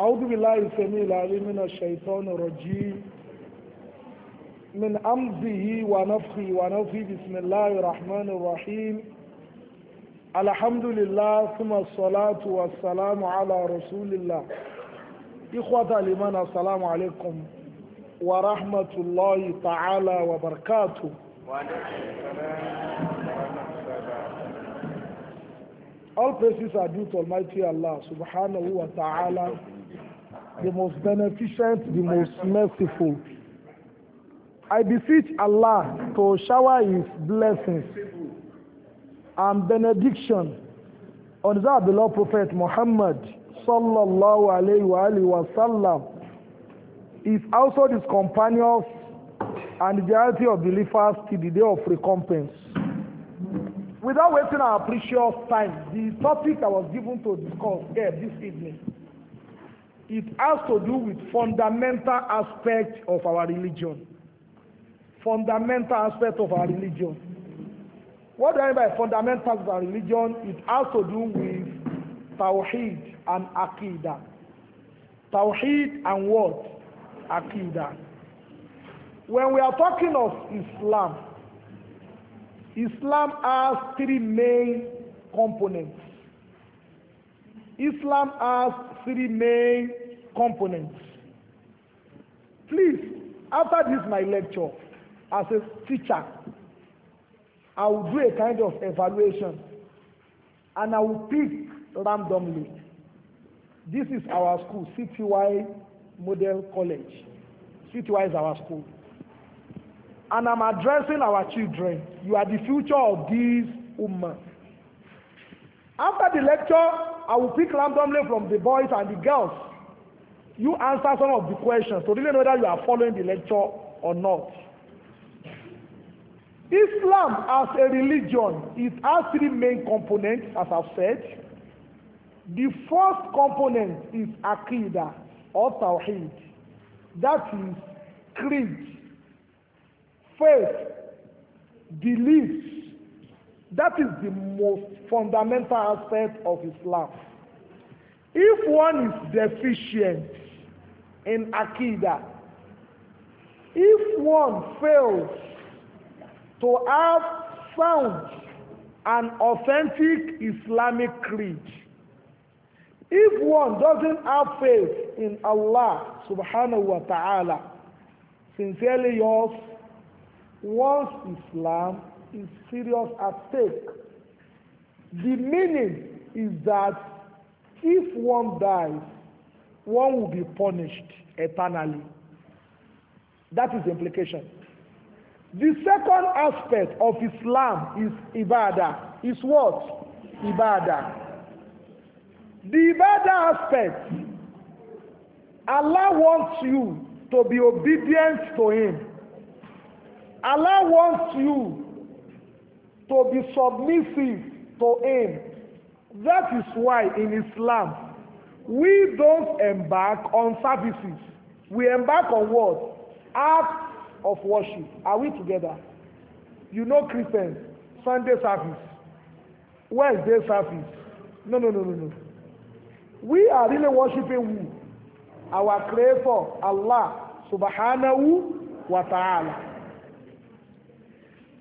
أعوذ بالله السميع العليم من الشيطان الرجيم من أمزه ونفخه ونفخه بسم الله الرحمن الرحيم الحمد لله ثم الصلاة والسلام على رسول الله إخوة الإيمان السلام عليكم ورحمة الله تعالى وبركاته All praises are due to Almighty Allah subhanahu wa ta'ala the most beneficent, the most merciful. I beseech Allah to shower His blessings and benediction on the beloved Prophet Muhammad sallallahu alayhi wa, alayhi wa sallam, his household, his companions, and the reality of believers till the day of recompense. Without wasting our precious time, the topic I was given to discuss here this evening it has to do with fundamental aspect of our religion. Fundamental aspect of our religion. What do I mean by fundamentals of our religion? It has to do with tawhid and akida. Tawhid and what? Akida. When we are talking of Islam, Islam has three main components. Islam has three main components. Please, after this my lecture, as a teacher, I will do a kind of evaluation and I will pick randomly. This is our school, CTY Model College. CTY is our school. And I'm addressing our children. You are the future of this woman. After the lecture, I will pick randomly from the boys and the girls you answer some of the questions to really know whether you are following the lecture or not. Islam as a religion, it has three main components, as I've said. The first component is Aqidah or Tawheed. That is creed, faith, belief. That is the most fundamental aspect of Islam. If one is deficient in Akida. If one fails to have found an authentic Islamic creed, if one doesn't have faith in Allah subhanahu wa ta'ala, sincerely yours, once Islam is serious at stake. The meaning is that if one dies one will be punished eternally. That is the implication. The second aspect of Islam is ibadah. Is what? Ibadah. The ibadah aspect, Allah wants you to be obedient to Him. Allah wants you to be submissive to Him. That is why in Islam, we don't embark on services. We embark on what? Acts of worship. Are we together? You know Christians, Sunday service, Wednesday service. No, no, no, no, no. We are really worshiping who? Our Creator, Allah, subhanahu wa ta'ala.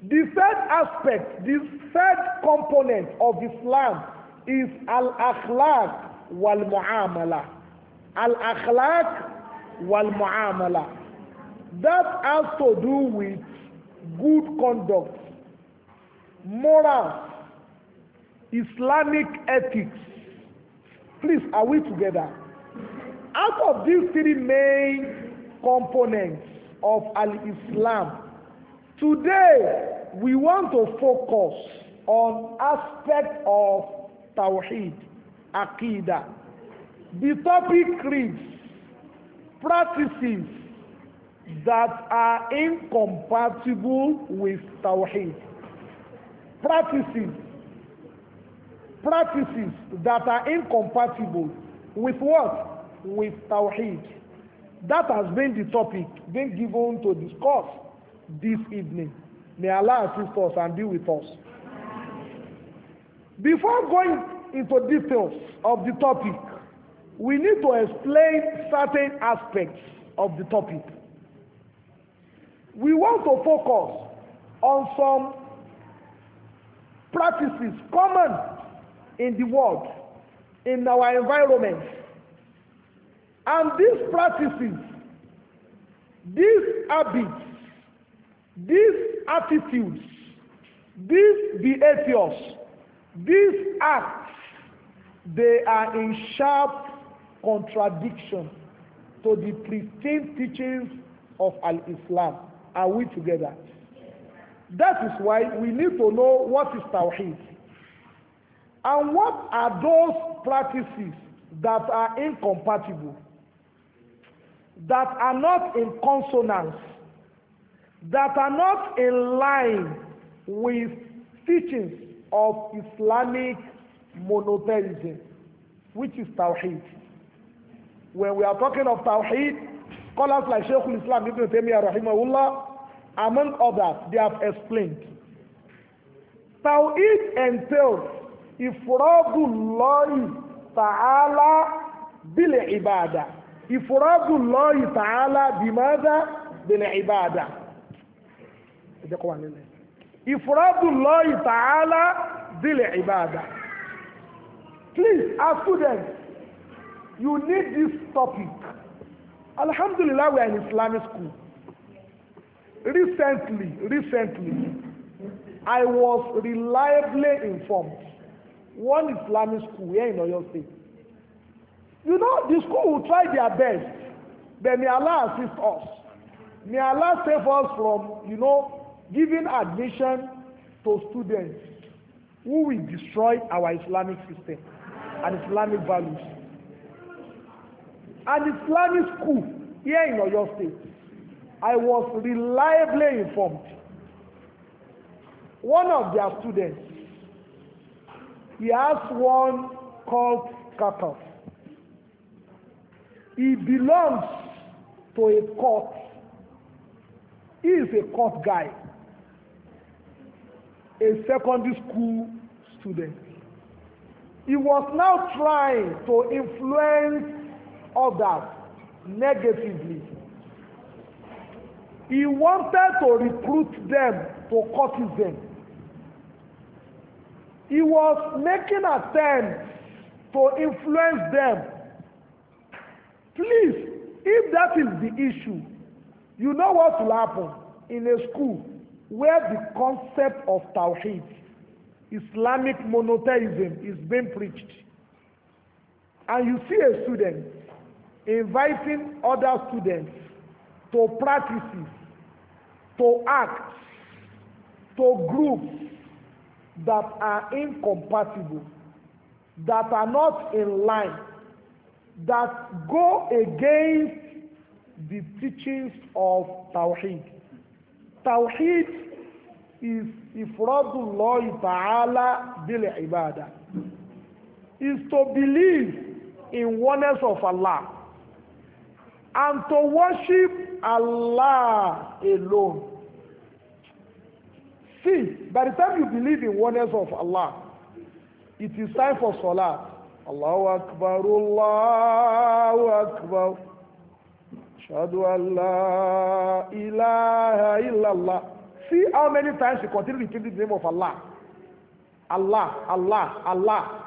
The third aspect, the third component of Islam is al-akhlaq, wal-mu'amala. al That has to do with good conduct, moral Islamic ethics. Please, are we together? Out of these three main components of Al-Islam, today we want to focus on aspect of Tawhid akida the topic reads practices that are incompatible with tawhid practices practices that are incompatible with what with tawhid that has been the topic being given to discuss this evening may allah assist us and be with us before going into details of the topic, we need to explain certain aspects of the topic. We want to focus on some practices common in the world, in our environment. And these practices, these habits, these attitudes, these behaviors, these acts, They are in sharp contradiction to the pristine teachings of Al-Islam. Are we together? That is why we need to know what is Tawheed. And what are those practices that are incompatible, that are not in consonance, that are not in line with teachings of Islamic monotheism, which is Tawheed. When we are talking of Tawheed, scholars like Sheikhul Islam Ibn Taymiyyah Rahimahullah, among others, they have explained. Tawheed entails ifradullahi ta'ala bil ibada. Ifradullahi ta'ala bimada bil ibada. Ifradullahi ta'ala bil ibada please as students you need this topic alhamdulillah we are in islamic school recently recently i was reliably informed one islamic school here in oyo state you know the school will try their best but may allah assist us may allah save us from you know giving admission to students who will destroy our islamic system and Islamic values. and Islamic school here in Oyo State. I was reliably informed. One of their students, he has one called Kakaf. He belongs to a cult. He is a cult guy, a secondary school student. He was now trying to influence others negatively. He wanted to recruit them to cultism. He was making attempts to influence them. Please, if that is the issue, you know what will happen in a school where the concept of Tawhid Islamic monotheism is being preached. And you see a student inviting other students to practices, to acts, to groups that are incompatible, that are not in line, that go against the teachings of Tawheed. Tawheed Ifradullahi ta'ala bil ibadah is to believe in oneness of Allah and to worship Allah alone. See, by the time you believe in oneness of Allah, it is time for salah. Allahu Akbar, Allahu Akbar. Shadu Allah, ilaha illallah. See how many times you continue to keep the name of Allah. Allah, Allah, Allah.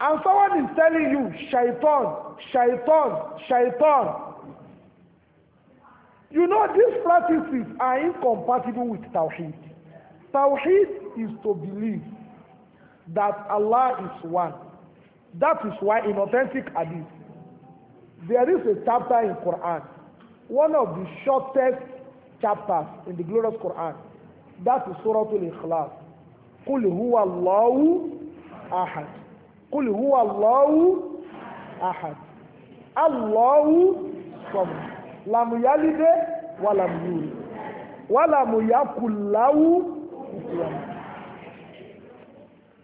And someone is telling you, shaitan, shaitan, shaitan. You know, these practices are incompatible with Tawheed. Tawheed is to believe that Allah is one. That is why in authentic hadith, there is a chapter in Quran, one of the shortest chapters in the glorious Quran. That is Surah Al-Ikhlas. قل هو الله أحد قل هو الله أحد الله صمد Lam yalid wa lam yulid. Wa lam yakul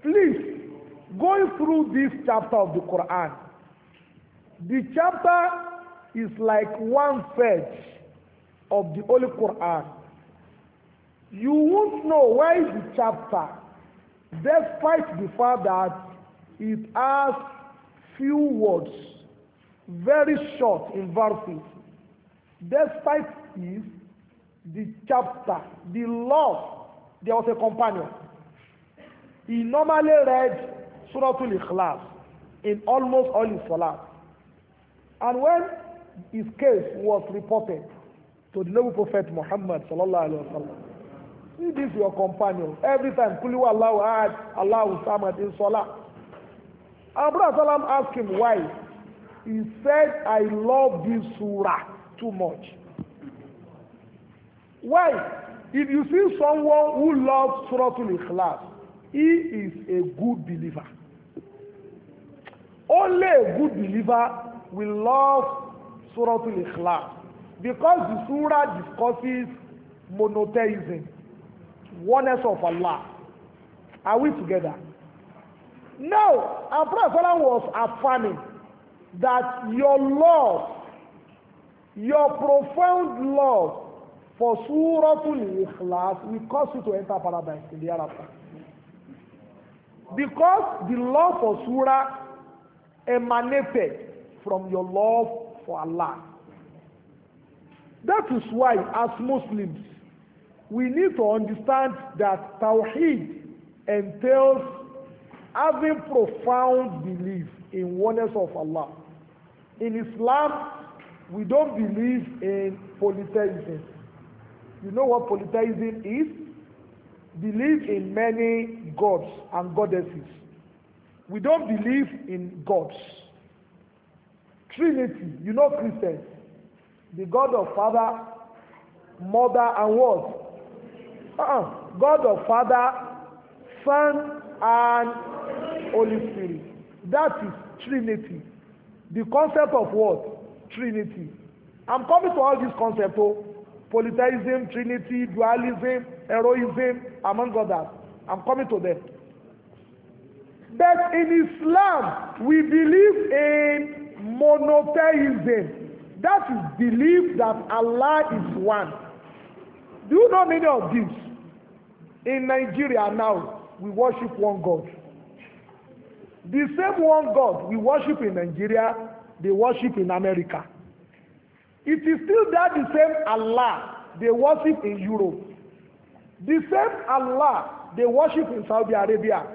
Please, going through this chapter of the Quran, the chapter is like one page of the Holy Quran, you won't know why the chapter, despite the fact that it has few words, very short in verses. Despite this, the chapter, the law, there was a companion. He normally read Surah Al-Ikhlas in almost all his salat. And when his case was reported, to the noble prophet Muhammad sallallahu alaihi wasallam see this your companion every time kuli wa allahu ahad allahu samad in salah abraham salam asked him why he said i love this surah too much why if you see someone who loves suratul ikhlas he is a good believer only a good believer will love suratul ikhlas because the surah discusses monotheism, oneness of Allah. Are we together? No. our Prophet was affirming that your love, your profound love for surah Suratul Ikhlas will cause you to enter paradise in the hereafter. Because the love for Surah emanated from your love for Allah. That is why, as Muslims, we need to understand that Tawheed entails having profound belief in oneness of Allah. In Islam, we don't believe in polytheism. You know what polytheism is? Believe in many gods and goddesses. We don't believe in gods. Trinity, you know Christians the God of father mother and what uh-uh. God of father son and holy spirit that is trinity the concept of what trinity i'm coming to all these concepts oh polytheism trinity dualism heroism among others i'm coming to them but in islam we believe in monotheism That is belief that Allah is one. Do you know many of these? In Nigeria now, we worship one God. The same one God we worship in Nigeria, they worship in America. It is still that the same Allah they worship in Europe. The same Allah they worship in Saudi Arabia.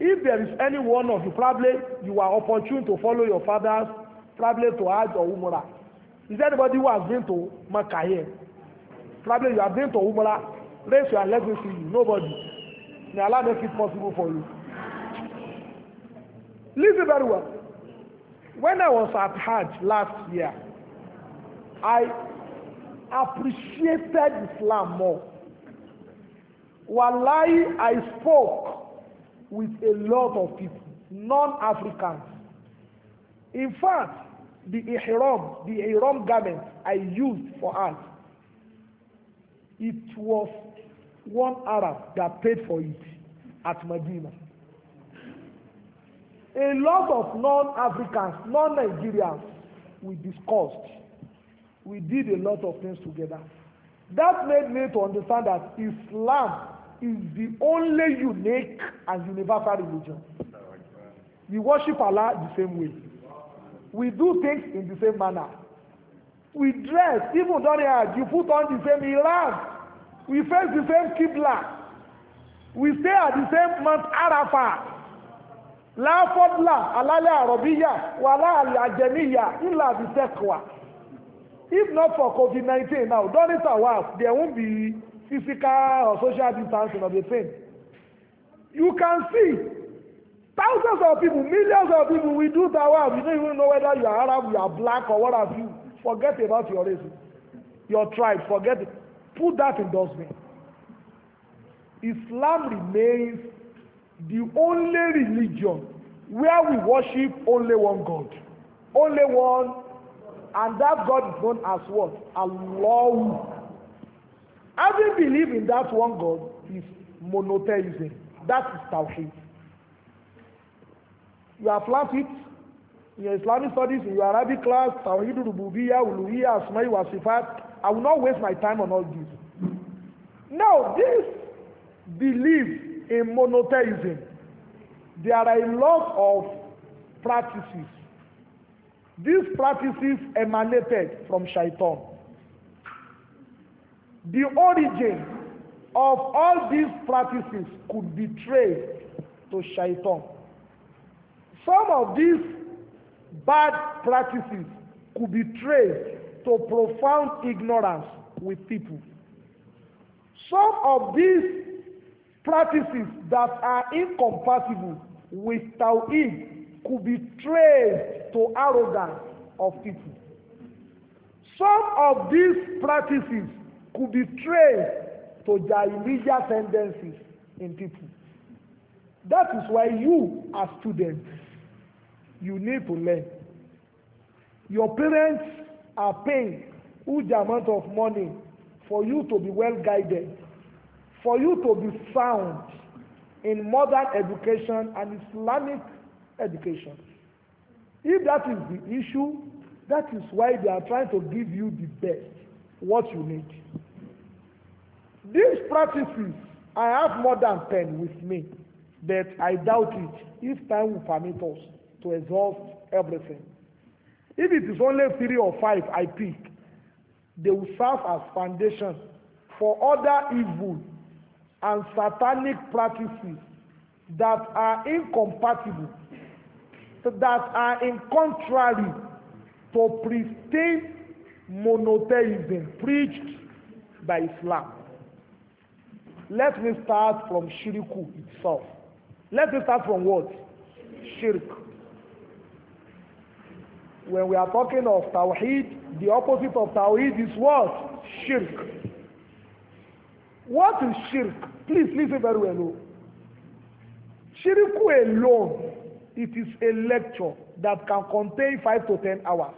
If there is any one of you, probably you are opportune to follow your father's traveling to Hajj or Umrah. Is anybody who has been to Makkah here? Traveling, you have been to Umrah. Raise your hand, let me see you. Nobody. May Allah make it possible for you. Listen very well. When I was at Hajj last year, I appreciated Islam more. Wallahi, I spoke with a lot of people, non-Africans. In fact, the ihram, the ihram garment I used for us, it was one Arab that paid for it at Medina. A lot of non-Africans, non-Nigerians, we discussed. We did a lot of things together. That made me to understand that Islam is the only unique and universal religion. We worship Allah the same way. We do things in the same manner. We dress, even during Hajj, you put on the same ihram. We face the same Qibla. We stay at the same Mount Arafah. La fadla alal arabiyya wala al ajamiyya illa bi taqwa. If not for COVID-19 now, during Tawaf, there won't be physical or social distancing of the same. You can see Thousands of people, millions of people, we do dawah. We don't even know whether you are Arab, you are black, or what have you. Forget about your race, your tribe. Forget it. Put that in dustbin. Islam remains the only religion where we worship only one God. Only one. And that God is known as what? Allah. Having belief in that one God is monotheism. That is Tawheed you are laughed it in your Islamic studies, in your Arabic class, Tawhid Rububiya, Uluhiya, Asma'i wasifat. I will not waste my time on all this. Now, this belief in monotheism, there are a lot of practices. These practices emanated from shaitan. The origin of all these practices could be traced to shaitan. Some of these bad practices could be traced to profound ignorance with people. Some of these practices that are incompatible with Tawheed could be traced to arrogance of people. Some of these practices could be traced to jahiliya tendencies in people. That is why you, as students, you need to learn your parents are paying huge amount of money for you to be well guided for you to be sound in modern education and Islamic education if that is the issue that is why they are trying to give you the best what you need these practices I have more than ten with me but I doubt it if time will permit us to exhaust everything. If it is only three or five I pick, they will serve as foundation for other evil and satanic practices that are incompatible, that are in contrary to pristine monotheism preached by Islam. Let me start from Shiriku itself. Let me start from what? Shirk when we are talking of tawhid, the opposite of tawhid is what? Shirk. What is shirk? Please listen very well. Oh. Shirku alone, it is a lecture that can contain five to ten hours.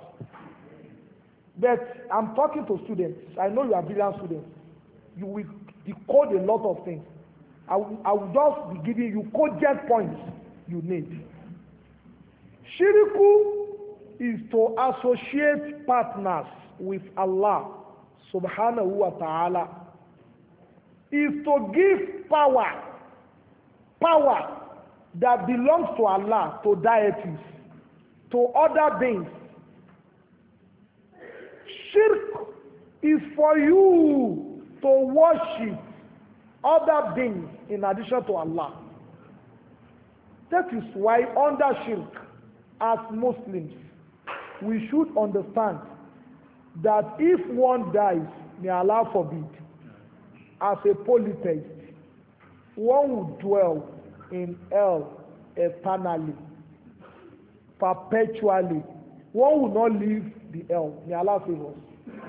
But I'm talking to students. I know you are brilliant students. You will decode a lot of things. I will, just be giving you cogent points you need. Shirku is to associate partners with Allah subhanahu wa ta'ala is to give power power that belongs to Allah to deities to other beings shirk is for you to worship other beings in addition to Allah that is why under shirk as Muslims we should understand that if one dies, may Allah forbid, as a polytheist, one will dwell in hell eternally, perpetually. One will not leave the hell. May Allah save us.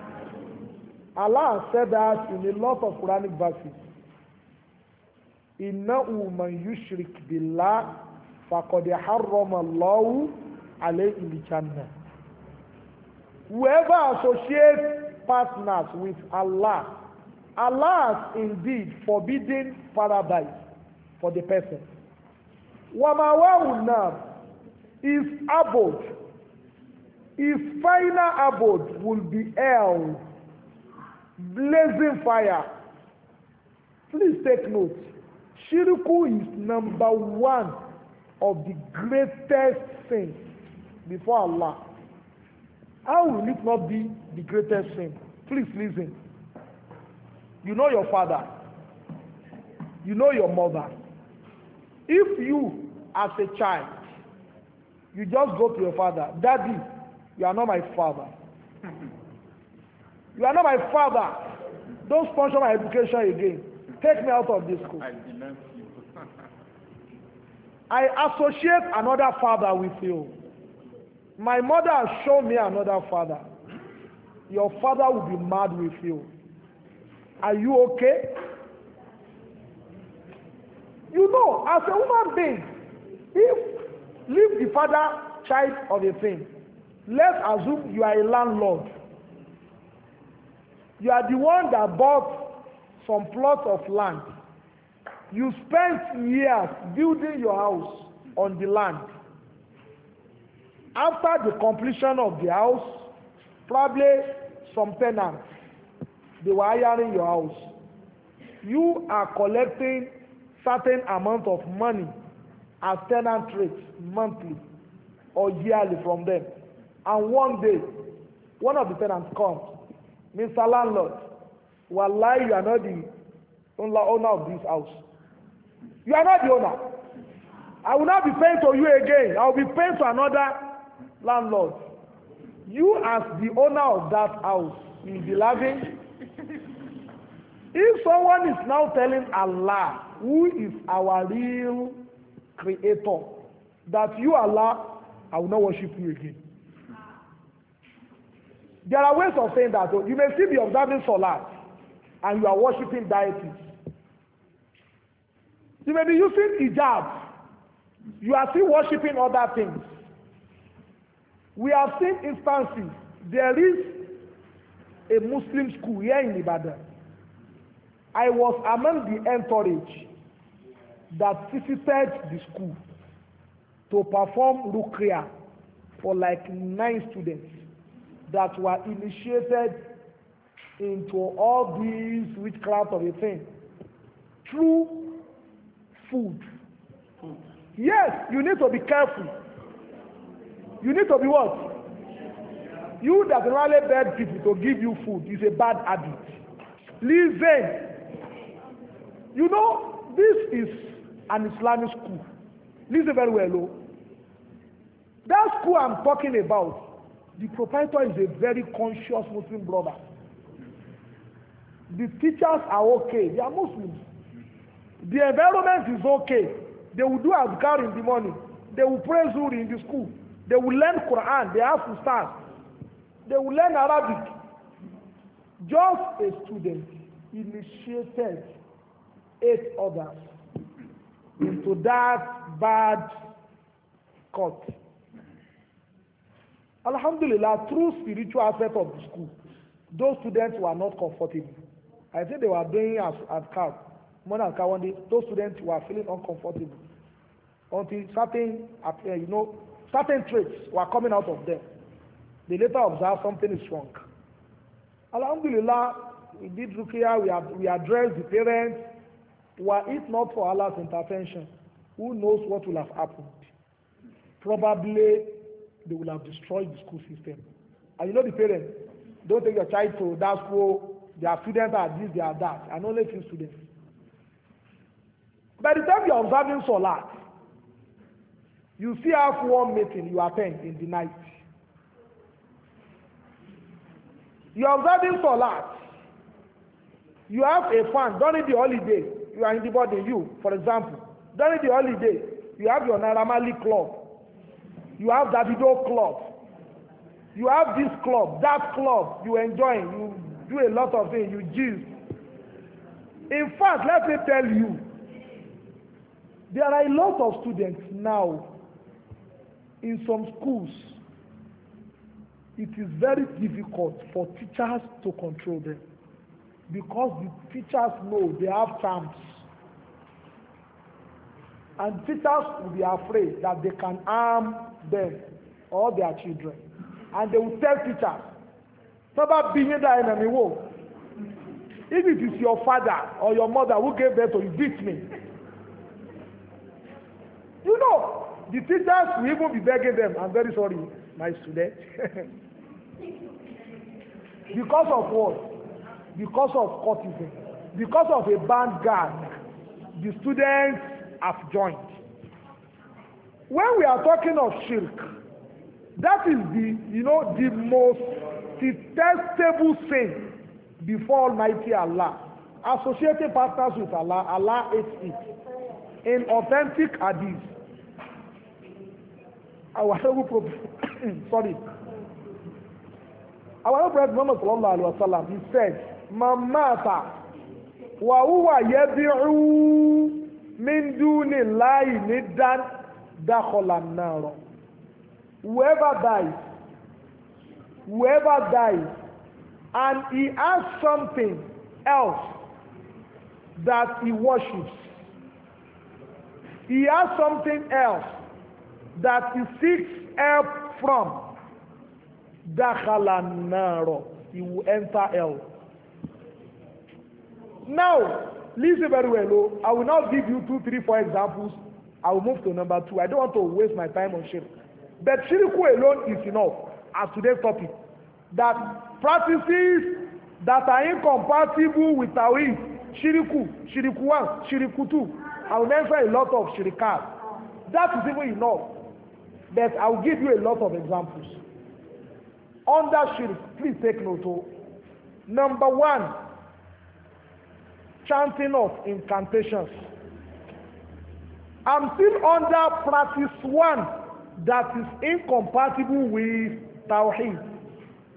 Allah said that in a lot of Quranic verses. إِنَّهُ مَنْ يُشْرِكْ بِاللَّهِ فَقَدْ حَرَّمَ اللَّهُ عَلَيْهِ الْجَنَّةِ Whoever associates partners with Allah, Allah has indeed forbidden paradise for the person. Wamawawunam is abode. His final abode will be hell, blazing fire. Please take note. Shirku is number one of the greatest sins before Allah. How will it not be the greatest sin? Please listen. You know your father. You know your mother. If you, as a child, you just go to your father, Daddy, you are not my father. You are not my father. Don't sponsor my education again. Take me out of this school. I denounce you. I associate another father with you. My mother has me another father. Your father will be mad with you. Are you okay? You know, as a human being, if leave the father child of a thing, let's assume you are a landlord. You are the one that bought some plots of land. You spent years building your house on the land after the completion of the house probably some tenants they were hiring your house you are collecting certain amount of money as tenant rate monthly or yearly from them and one day one of the tenants comes mr landlord wallahi you are not the owner of this house you are not the owner i will not be paying to you again i will be paying to another landlord you as the owner of that house will be laughing if someone is now telling Allah who is our real creator that you Allah I will not worship you again there are ways of saying that you may still be observing Salat and you are worshiping deities you may be using hijab you are still worshiping other things We have seen instances. There is a Muslim school here in Ibadan. I was among the entourage that visited the school to perform rukia for like nine students that were initiated into all these witchcraft of a thing through food. Yes, you need to be careful You need to be what? You that normally beg people to give you food is a bad habit. Listen. You know, this is an Islamic school. Listen very well, though. That school I'm talking about, the proprietor is a very conscious Muslim brother. The teachers are okay. They are Muslims. The environment is okay. They will do azkar in the morning. They will pray Zuri in the school. They will learn Quran. They have to start. They will learn Arabic. Just a student initiated eight others into that bad cult. Alhamdulillah, through spiritual aspect of the school, those students were not comfortable. I think they were doing as as camp, more than one day. Those students were feeling uncomfortable until something certain, uh, you know, certain traits were coming out of them. They later observed something is wrong. Alhamdulillah, we did Rukia, we, ad- we addressed the parents. Were it not for Allah's intervention, who knows what will have happened? Probably they will have destroyed the school system. And you know the parents, don't take your child to that school, their students are this, they are that, and only few students. By the time you are observing Salat, You still have one meeting you attend in the night. You are for Salat. You have a fan during the holiday. You are in the body, you, for example. During the holiday, you have your Naramali club. You have Davido club. You have this club, that club. You enjoy. You do a lot of things. You gist. In fact, let me tell you, there are a lot of students now in some schools it is very difficult for teachers to control them because the teachers know they have terms and teachers will be afraid that they can harm them or their children and they will tell teachers baba being that enemy wo if it is your father or your mother who gave birth to you beat me you know The teachers will even be begging them, I'm very sorry, my student. because of what? Because of courtism. Because of a band guard, the students have joined. When we are talking of shirk, that is the, you know, the most detestable sin before Almighty Allah. Associating partners with Allah, Allah hates it. In authentic hadith, our heaven prophet sorry our heaven prophet Muhammad sallallahu alaihi he said man mata wa huwa yad'u min duni llahi niddan dakhala nar whoever dies whoever dies and he has something else that he worships he has something else that he seeks help from dakhala naro he will enter hell now listen very well o oh. i will now give you two three four examples i will move to number two i don't want to waste my time on shirk but shiriku alone is enough as today's topic that practices that are incompatible with tawhid shiriku shiriku one shiriku two i will mention a lot of shirikat that is even enough But I'll give you a lot of examples. Under shirk, please take note. Oh. Number one, chanting of incantations. I'm still under practice one that is incompatible with Tawheed.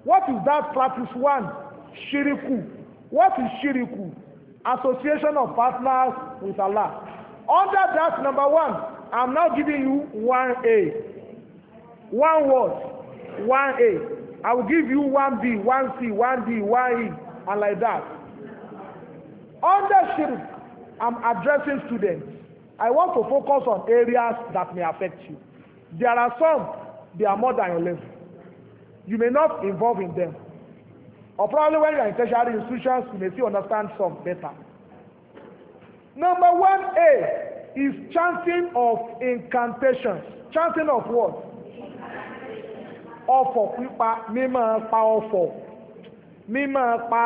What is that practice one? Shiriku. What is Shiriku? Association of partners with Allah. Under that number one, I'm now giving you one a one word, one A. I will give you one B, one C, one D, one E, and like that. Under shirk, I'm addressing students. I want to focus on areas that may affect you. There are some, they are more than your level. You may not involve in them. Or probably when you are in tertiary institutions, you may still understand some better. Number one A is chanting of incantations. Chanting of what? ọfọ̀ pípa mímọ́ pa ọfọ̀ mímọ́ pa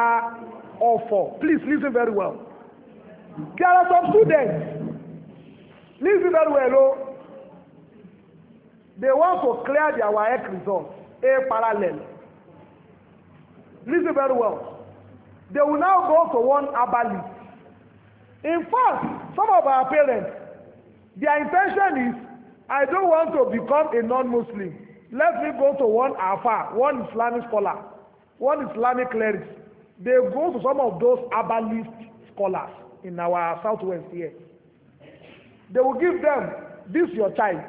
ọfọ̀ please listen very well there are some students listen very well o they want to clear their WAEC results a parallel listen very well they will now go to one abali. in fact some of our parents their intention is I don't want to become a non-Muslim let me go to one afa one islamic scholar one islamic cleric they go to some of those herbalist scholars in our southwest here they will give them this your child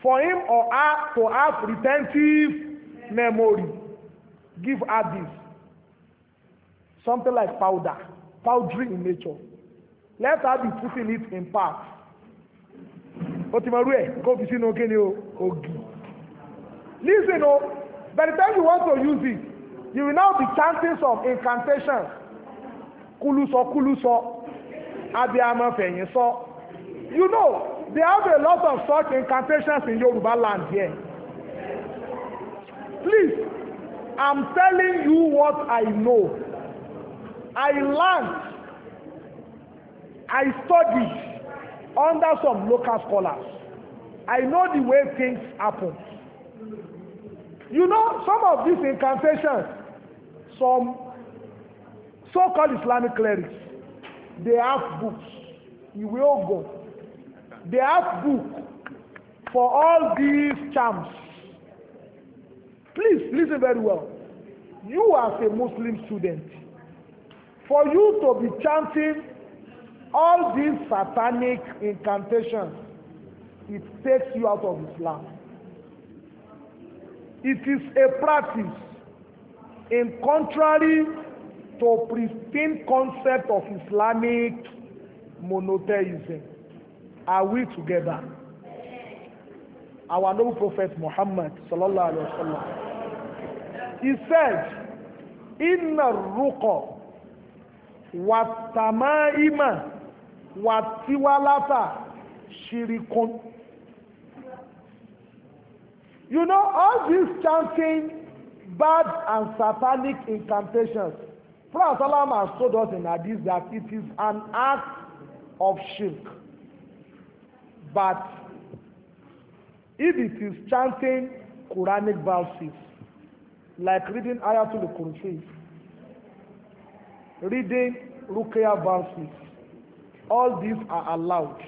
for him or her to have retentive memory give her this something like powder powdery in nature let her be putting it in parts ó ti mọ̀ rú ẹ̀ kó Listen, oh, by the time you want to use it, you will now be chanting some incantations. Kuluso, kuluso, abiyama fẹ̀yìn sọ. You know, they have a lot of such incantations in Yoruba land here. Please, I'm telling you what I know. I learned, I studied under some local scholars. I know the way things happen. You know, some of these incantations, some so-called Islamic clerics, they have books. Ìwé Ògùn. They have book for all these charms. Please listen very well. You as a Muslim student, for you to be chanting all these satanic incantations, it takes you out of Islam. It is a practice in contrary to pristine concept of Islamic monotheism. Are we together? Our noble prophet Muhammad sallallahu alaihi wasallam. He said, "Inna ruqa wa tamaima wa tiwalata shirikun." You know, all these chanting bad and satanic incantations, Prophet Salam has told us in Hadith that it is an act of shirk. But if it is chanting Quranic verses, like reading Ayatul Kursi, reading Ruqya verses, all these are allowed.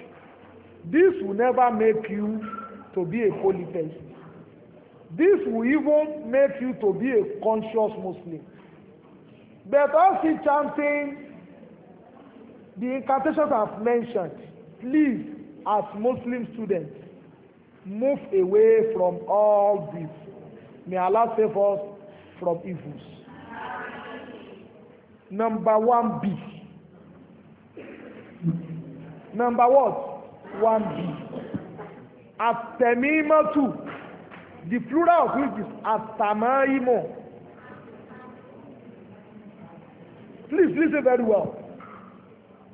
This will never make you to be a holy person. This will even make you to be a conscious Muslim. But also chanting the incantations I've mentioned, please, as Muslim students, move away from all this. May Allah save us from evils. Number one B. Number what? One B. At-Tamimatu. The plural of which is atamaimo. Please listen very well.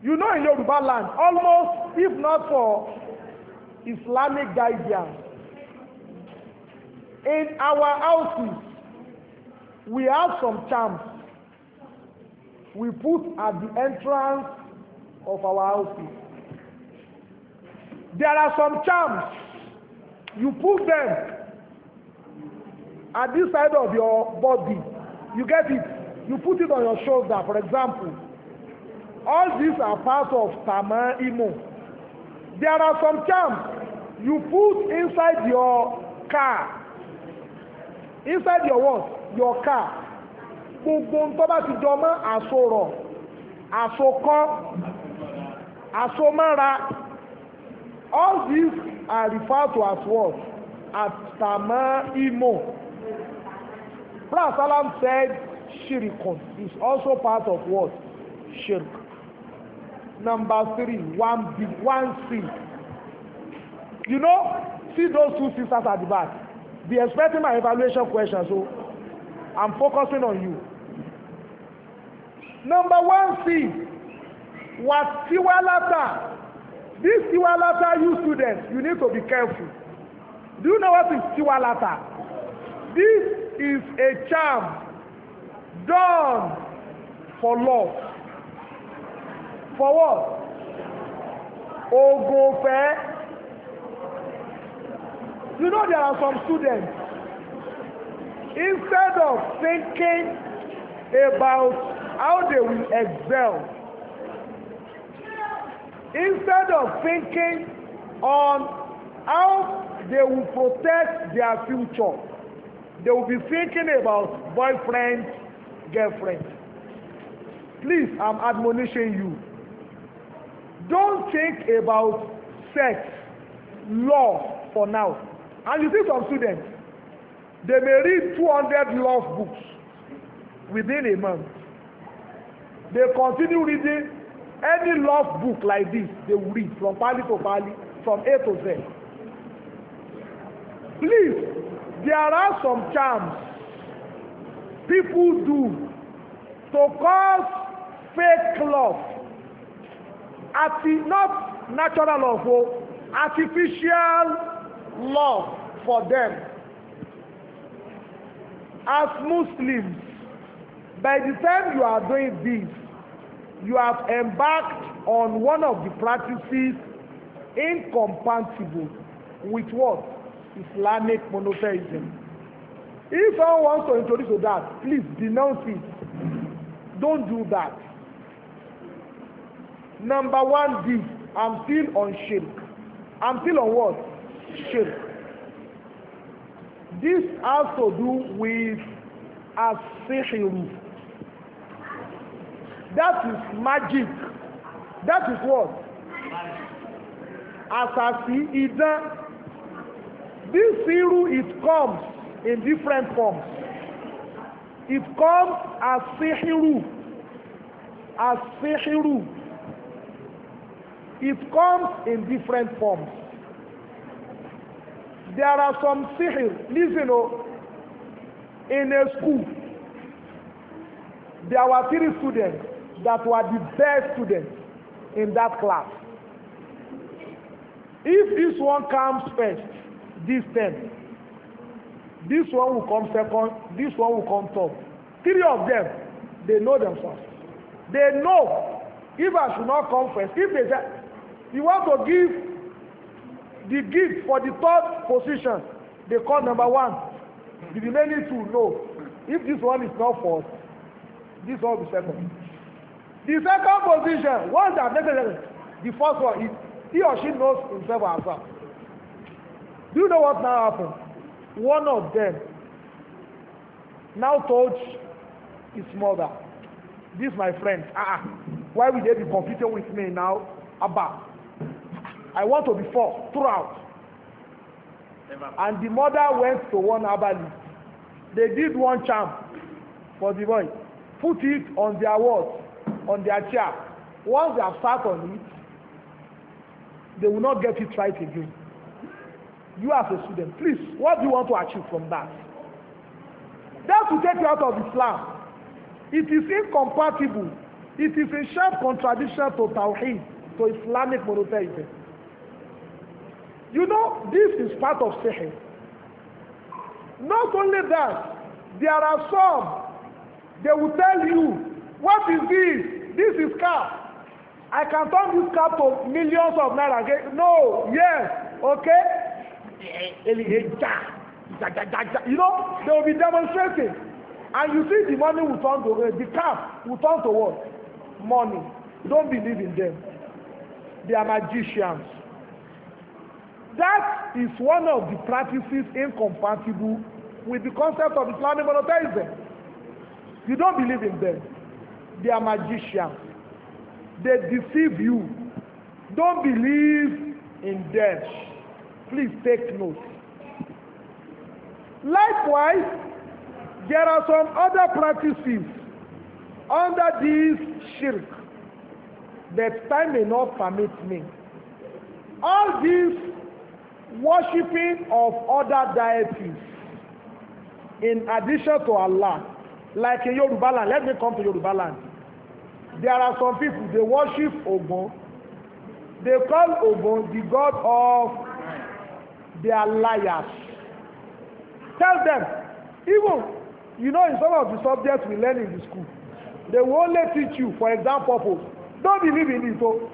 You know in Yoruba land, almost, if not for Islamic guidance, in our houses, we have some charms we put at the entrance of our houses. There are some charms. You put them at this side of your body you get it you put it on your shoulder for example all these are part of tamaimo there are some charms you put inside your car inside your what your car gbogbo nǹkan ti jọ mọ́ àsorọ̀ àsokọ́ àsomára all these are referred to as what as tamaimo. Prophet Salam said shirikun is also part of what? Shirk. Number three, one B, one C. You know, see those two sisters at the back. Be expecting my evaluation question, so I'm focusing on you. Number one C, was tiwalata? This tiwalata, you students, you need to be careful. Do you know what is tiwalata? This is a charm done for love. For what? Ogun fair. You know there are some students, instead of thinking about how they will excel, instead of thinking on how they will protect their future, They will be thinking about boyfriend, girlfriend. Please, I'm admonishing you. Don't think about sex, love for now. And you see some students, they may read 200 love books within a month. They continue reading any love book like this, they will read from Pali to Pali, from A to Z. Please There are some charms people do to cause fake love at the not natural love o artificial love for them as Muslims by the time you are doing this you have embarked on one of the practices incompatible with what Islamic monotheism. If someone wants to introduce to that, please denounce it. Don't do that. Number one, this. I'm still on shirk. I'm still on what? Shirk. This has to do with asihiru. That is magic. That is what? Asasi idan This siru, it comes in different forms. It comes as sihiru. As sihiru. It comes in different forms. There are some sihir. Listen, oh, in a school, there were three students that were the best students in that class. If this one comes first, this ten this one will come second this one will come third three of them they know themselves they know if I should not come first if they say you want to give the gift for the third position they call number one the remaining two know if this one is not first this one will be second the second position once they have taken the first one is he or she knows himself or herself Do you know what now happened? One of them now told his mother, this my friend, ah, ah, why will they be competing with me now? Abba, I want to be first throughout. Never. And the mother went to one Abba They did one charm for the boy, put it on their wall, on their chair. Once they have sat on it, they will not get it right again you as a student, please, what do you want to achieve from that? That will take you out of Islam. It is incompatible. It is a sharp contradiction to Tawheed, to Islamic monotheism. You know, this is part of Sihr. Not only that, there are some, they will tell you, what is this? This is calf. I can turn this calf to millions of naira. No, yes, okay? Elihija. You know, they will be demonstrating. And you see the money will turn to eh, the calf will turn to what? Money. Don't believe in them. They are magicians. That is one of the practices incompatible with the concept of Islamic monotheism. You don't believe in them. They are magicians. They deceive you. Don't believe in them. Please take note. Likewise, there are some other practices under this shirk that time may not permit me. All this worshiping of other deities in addition to Allah, like in Yoruba land, let me come to Yoruba land. There are some people, they worship Ogun. They call Ogun the god of They are liars. Tell them, even, you know, in some of the subjects we learn in the school, they will only teach you for exam purpose. Don't believe in it. Oh.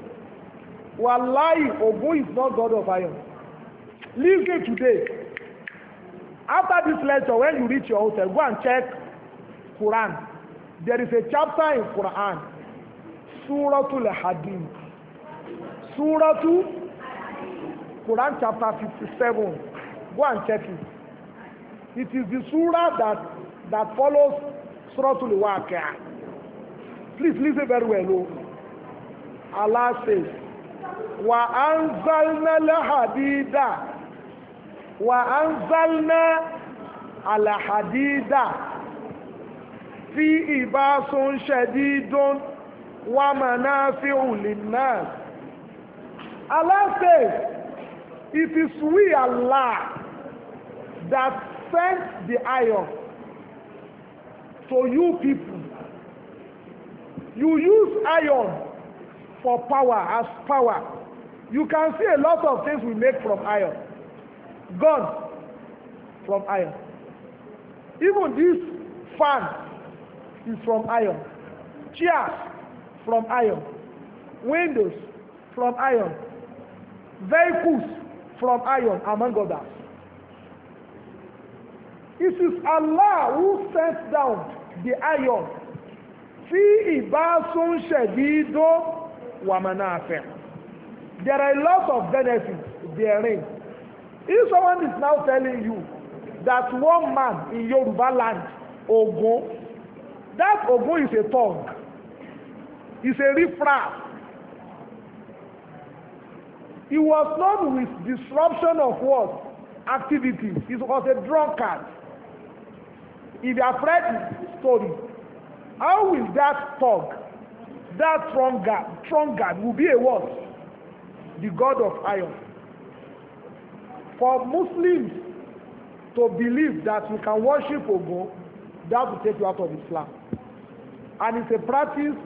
are lying? Ogun is not God of iron. Listen today. After this lecture, when you reach your hotel, go and check Quran. There is a chapter in Quran. Suratul Hadid. Suratul Quran chapter 57. Go and check it. It is the surah that, that follows Surah Al-Waqi'ah. Please listen very well. Oh. Allah says, وَأَنزَلْنَا الْحَدِيدَ وَأَنزَلْنَا الْحَدِيدَ فِيهِ بَأْسٌ شَدِيدٌ وَمَنَافِعُ لِلنَّاسِ Allah says, It is we Allah that sent the iron to you people. You use iron for power as power. You can see a lot of things we make from iron. Guns from iron. Even this fan is from iron. Chairs from iron. Windows from iron. Vehicles from iron, among others. It is Allah who sent down the iron. Fi ibasun shadido wa manafir. There are a lot of benefits therein. If someone is now telling you that one man in Yoruba land, Ogun, that Ogun is a tongue, is a riffraff, He was known with disruption of what? Activities. He was a drunkard. If you have read his story, how will that thug, that drunkard, guard, will be a what? The God of iron. For Muslims to believe that we can worship Ogo, that will take you out of Islam. And it's a practice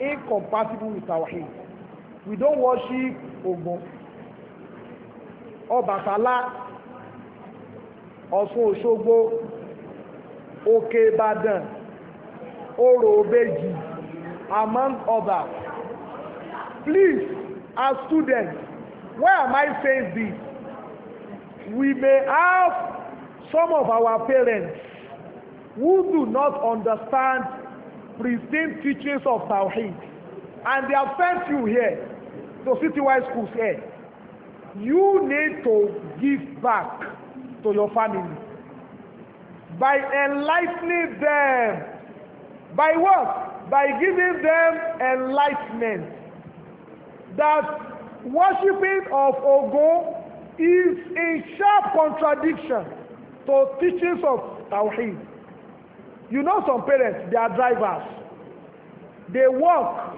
incompatible with our faith. We don't worship ogun ọbàtálá ọ̀ṣun òṣogbo òkè ìbàdàn orò òbejì among others please as students where am I saying this we may have some of our parents who do not understand pristine teachings of Tawheed and they have sent you here city citywide schools here you need to give back to your family by enlightening them by what by giving them enlightenment that worshiping of Ogo is a sharp contradiction to teachings of Tawheed. You know some parents, they are drivers. They work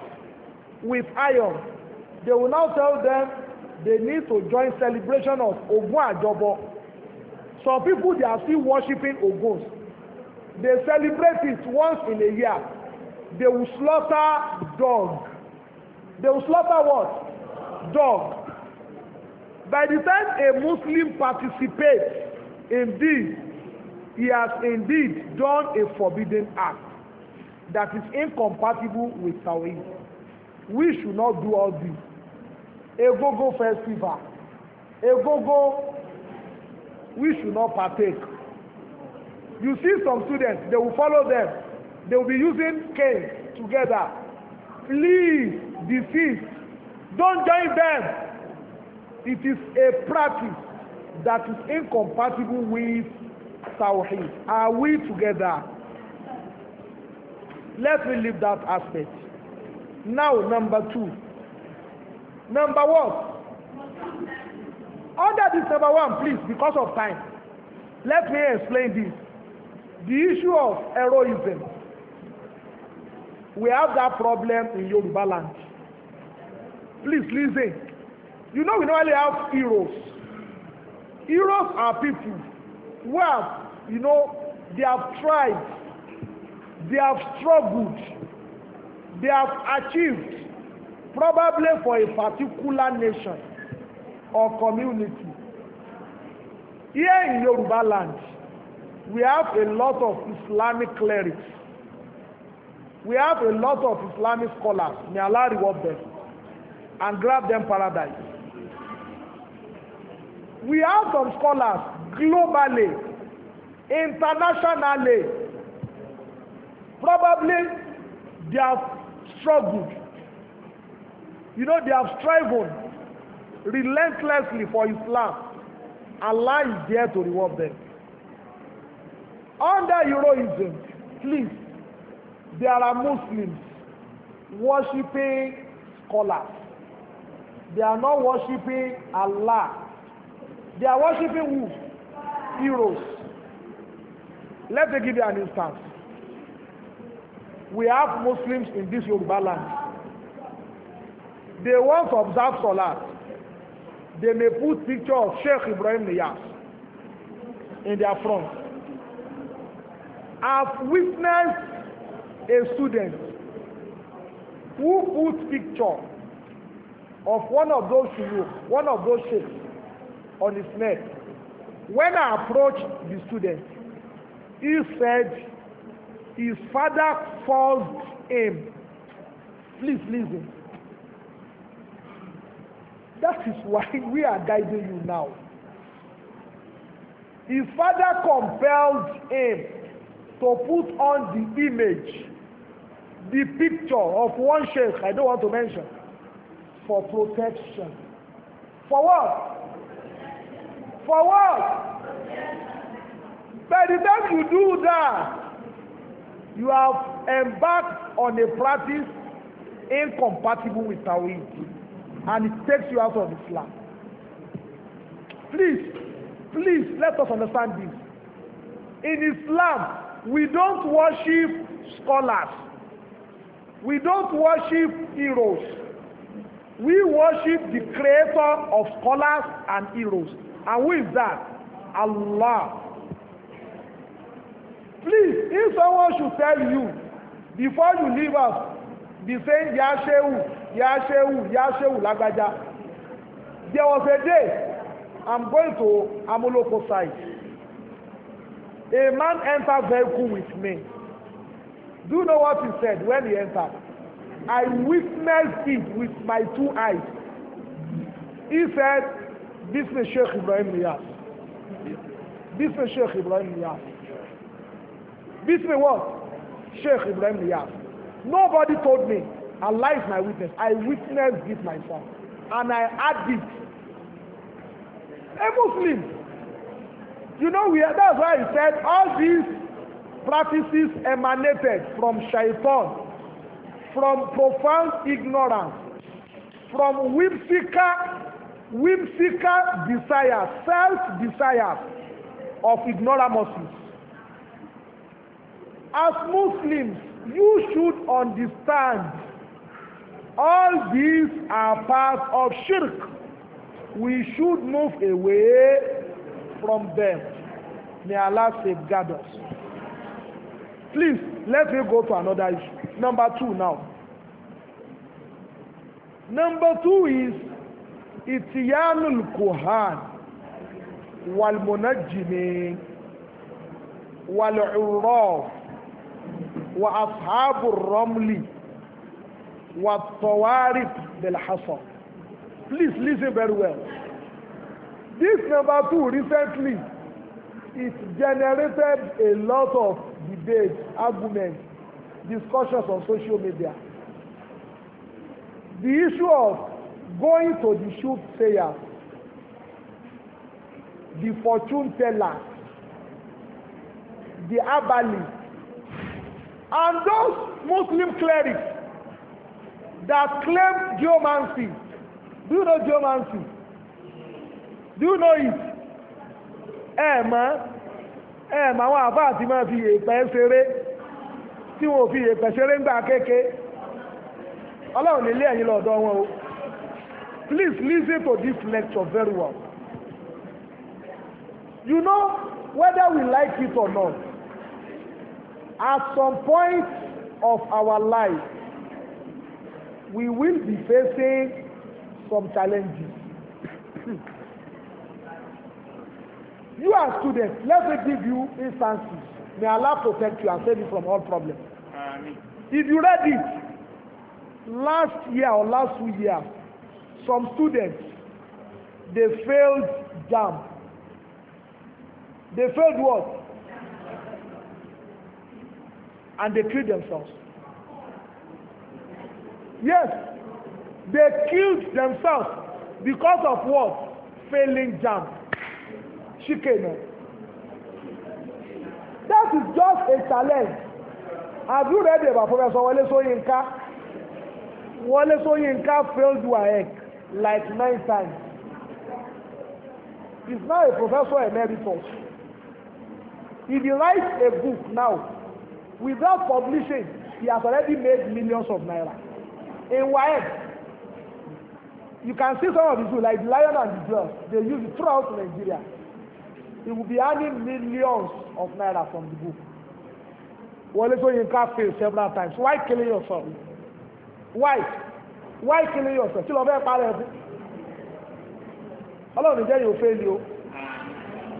with iron they will now tell them they need to join celebration of Ogun Ajobo some people they are still worshiping Oguns they celebrate it once in a year they will slaughter dog they will slaughter what dog by the time a Muslim participates in this he has indeed done a forbidden act that is incompatible with Tawhid we should not do all this Egogo festival. Egogo, we should not partake. You see some students, they will follow them. They will be using cane together. Please, desist. Don't join them. It is a practice that is incompatible with Tawheed. Are we together? Let me leave that aspect. Now, number two. Number one. Under this number one, please, because of time, let me explain this. The issue of heroism. We have that problem in Yoruba land. Please listen. You know we normally have heroes. Heroes are people who have, you know, they have tried, they have struggled, they have achieved, probably for a particular nation or community. Here in Yoruba land, we have a lot of Islamic clerics. We have a lot of Islamic scholars. May Allah reward them and grant them paradise. We have some scholars globally, internationally. Probably they have struggled You know, they have striven relentlessly for Islam. Allah is there to reward them. Under Euroism, please, there are Muslims worshiping scholars. They are not worshiping Allah. They are worshiping who? Heroes. Let me give you an instance. We have Muslims in this Yoruba land They want once observed Salat. They may put picture of Sheikh Ibrahim Niyas in their front. I've witnessed a student who put picture of one of those shuyukh, one of those sheikhs on his neck. When I approached the student, he said his father forced him. Please listen. That is why we are guiding you now. His father compelled him to put on the image, the picture of one sheikh, I don't want to mention, for protection. For what? For what? By the time you do that, you have embarked on a practice incompatible with our Tawhid and it takes you out of Islam. Please, please let us understand this. In Islam, we don't worship scholars. We don't worship heroes. We worship the creator of scholars and heroes. And who is that? Allah. Please, if someone should tell you, before you leave us, be saying, Yashehu, yá ṣéwù yá ṣéwù lágbájá there was a day I'm going to Amuloko site a man entered vehicle with me do you know what he said when he entered I witnessed it with my two eyes he said this is Sheikh Ibrahim Niyas this is Sheikh Ibrahim Niyas this is what Sheikh Ibrahim Niyas nobody told me Allah is my witness. I witnessed this myself. And I add it. A Muslim. You know, we, are. that's why he said all these practices emanated from shaitan, from profound ignorance, from whimsical, whimsical desire, self desire, of ignoramuses. As Muslims, you should understand All these are part of shirk. We should move away from them. May Allah safeguard us. Please, let me go to another issue. Number two now. Number two is ityanul kuhan, wal Munajimin wal Uraf wa Ashabul Ramli. Watawarib Del Hassan. Please listen very well. This number two recently, it generated a lot of debate, arguments, discussions on social media. The issue of going to the soothsayers, the fortune teller, the abbalists, and those Muslim clerics that claim geomancy. Do you know geomancy? Do you know it? Ẹ mọ̀ ẹ mọ̀ àwọn àbá àti máa fi èèpẹ̀ ṣeré tí wọn ò fi èèpẹ̀ ṣeré ń gbà kéèké. Ọlọ́run nílé ẹ̀yin lọ́dọ̀ wọn o. Please listen to this lecture very well. You know whether we like it or not, at some point of our life, we will be facing some challenges. you are students let me give you instances may Allah protect you and save you from all problems. if you read it last year or last two years some students they failed jam. they failed what and they killed themselves. Yes, they killed themselves because of what? Failing jam. Chicken. That is just a challenge. Have you read about Professor Wale Soyinka? Wale Soyinka failed WAEC like nine times. He is now a professor emeritus. If he writes a book now, without publishing, he has already made millions of naira in Waec. You can see some of the zoo like the lion and the giraffe. They use it throughout Nigeria. It will be earning millions of naira from the book. Well, it's you Ṣóyínká fail several times. Why killing yourself? Why? Why killing yourself? Kí lọ bẹ́ẹ̀ parẹ́ ẹ̀bú? Ọlọ́run jẹ́ yóò fail you.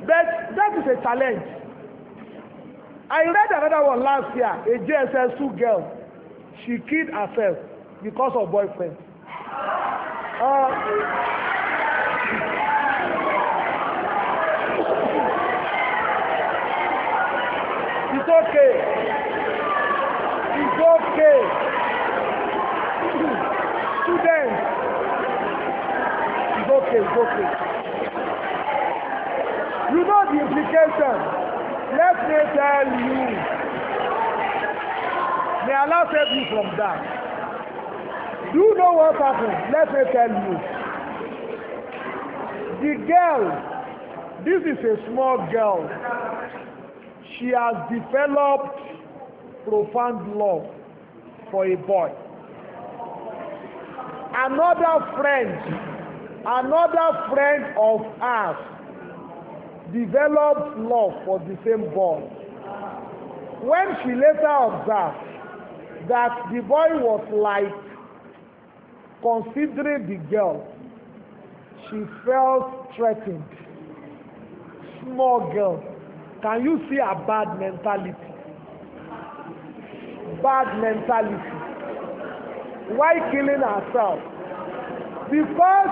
But that is a challenge. I read another one last year, a JSS2 girl. She killed herself because of boyfriend. Uh, it's okay. It's okay. Students. It's okay, it's okay. You know the implication. Let me tell you. May Allah save you from that. Do you know what happened? Let me tell you. The girl, this is a small girl. She has developed profound love for a boy. Another friend, another friend of ours developed love for the same boy. When she later observed that the boy was like Considering the girl, she felt threatened. Small girl. Can you see her bad mentality? Bad mentality. Why killing herself? Because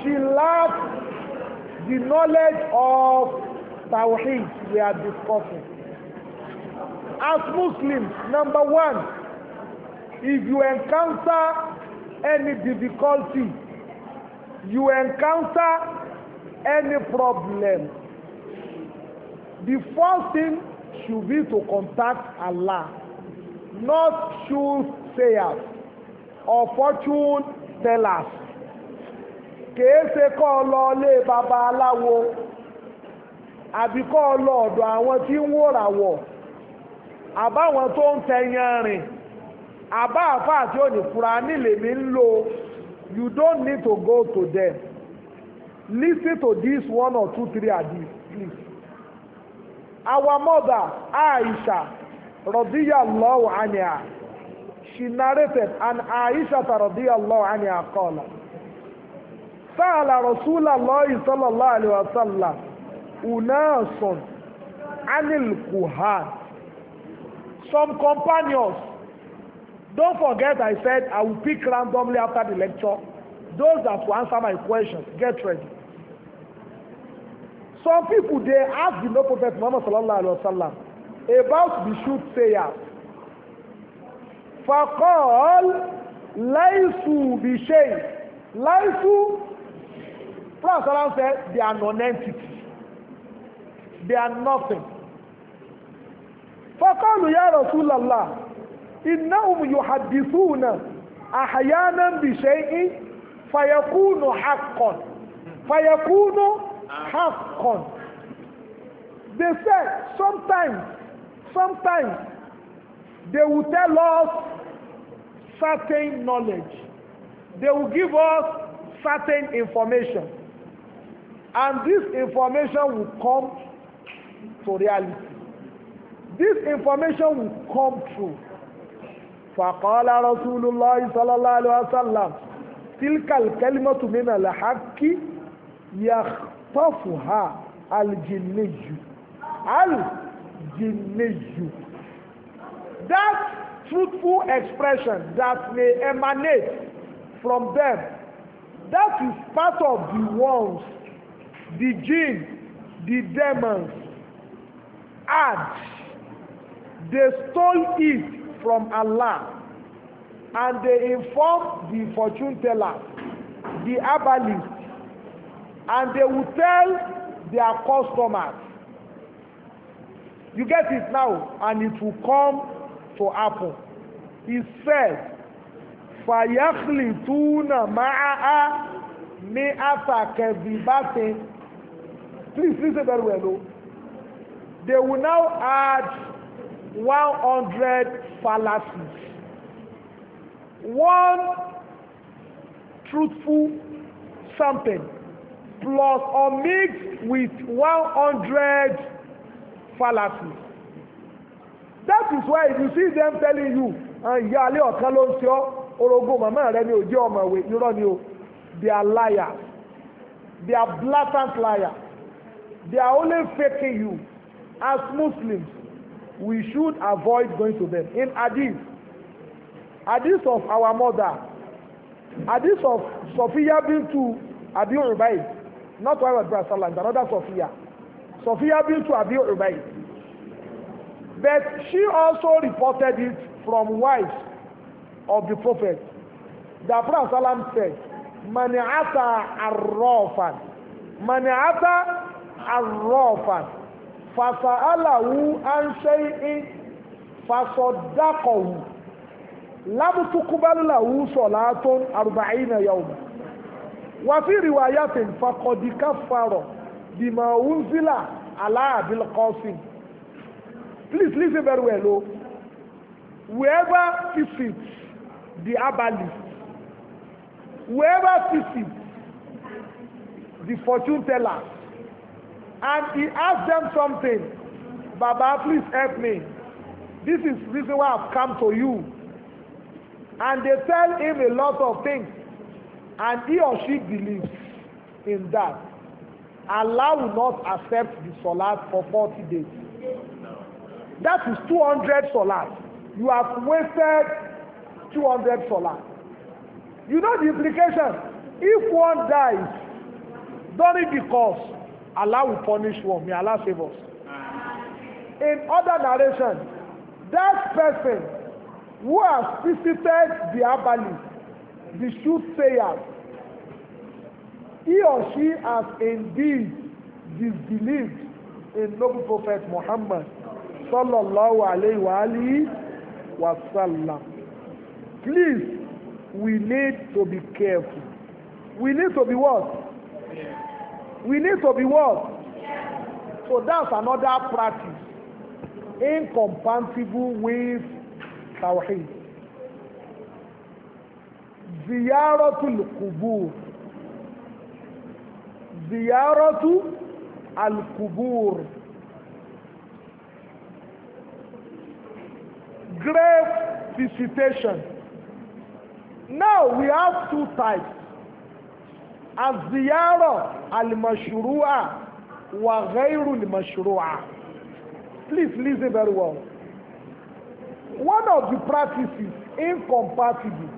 she lacked the knowledge of Tawheed we are discussing. As Muslims, number one, if you encounter any difficulty, you encounter any problem, the first thing should be to contact Allah, not choose sayers or fortune tellers. kèé ṣe kọ́ ọ lọ ilé baba aláwo àbí kọ́ ọ lọ ọ̀dọ̀ àwọn tí ń wòràwọ̀ àbáwọn tó ń tẹyàn rìn àbá àfáà tí ò ní Kùránì lèmi ń lò you don't need to go to them listen to this one or two three hadith please our mother Aisha radiyallahu anha she narrated and Aisha radiyallahu anha qala sa'ala Rasulullah sallallahu alaihi wasallam unasun anil kuhan some companions Don't forget I said I will pick randomly after the lecture. Those that will answer my questions, get ready. Some people, they ask the no prophet Muhammad sallallahu alaihi wasallam about the soothsayers. فقال ليسوا بشيء ليسوا Prophet sallallahu said they are non-entity. They are nothing. فقالوا يا رسول الله innahum yuhaddithuna ahyanan bi shay'in fayakunu haqqan fayakunu haqqan they say sometimes sometimes they will tell us certain knowledge they will give us certain information and this information will come to reality this information will come true فقال رسول الله صلى الله عليه وسلم تلك الكلمة من الحق yaxtafuha aljinniyu aljinniyu that truthful expression that may emanate from them that is part of the ones the jinn the demons add they stole it from Allah and they inform the fortune teller, the herbalist, and they will tell their customers. You get it now, and it will come to happen. It says, فَيَخْلِطُونَ مَعَهَا مِئَةَ كَذِبَةٍ Please listen very well. Though. They will now add 100 fallacies. One truthful something plus or mixed with 100 fallacies. That is why if you see them telling you, ah, ìyá alẹ́ ọ̀kan ló ń ṣe ọ́, orogún màmá rẹ ni ò jẹ́ ọ̀mọ̀wé, irọ́ ni o, they are liars. They are blatant liars. They are only faking you as Muslims we should avoid going to them. In hadith, hadith of our mother, hadith of Sophia bintu Abi Ubaid, not wife of Rasulullah, another Sophia. Sophia bintu Abi Ubaid. But she also reported it from wives of the Prophet. The Prophet said, Mani'ata arrofan. Mani'ata arrofan fasa aláwú ánṣẹ́ in fàṣọdákọ̀wù lábùtúkúbálùláwú sọ̀lá tó àrùbáyínà yàwùmá wà sí ìrìwáyàtìn fàkọ̀díkà farọ̀ bìmọ̀ wúnzílà aláàbílkọ́sìn please listen very well o whoever sees the abali whoever sees the fortune teller And he asked them something. Baba, please help me. This is reason why I've come to you. And they tell him a lot of things. And he or she believes in that. Allah will not accept the salat for forty days. That is two hundred salat. You have wasted two hundred salat. You know the implication? If one dies during the course, Allah will punish one. May Allah save us. In other narration, that person who has visited the herbalist, the soothsayer, he or she has indeed disbelieved in noble prophet Muhammad sallallahu alayhi wa alihi wa sallam. Please, we need to be careful. We need to be what? We need to be what? So that's another practice incompatible with Tawheed. Ziyaratul Kubur. Ziyaratu al-Kubur. Grave visitation. Now we have two types aziyarọ alimashurua wa ghairu limashurua please listen very well one of the practices incompatible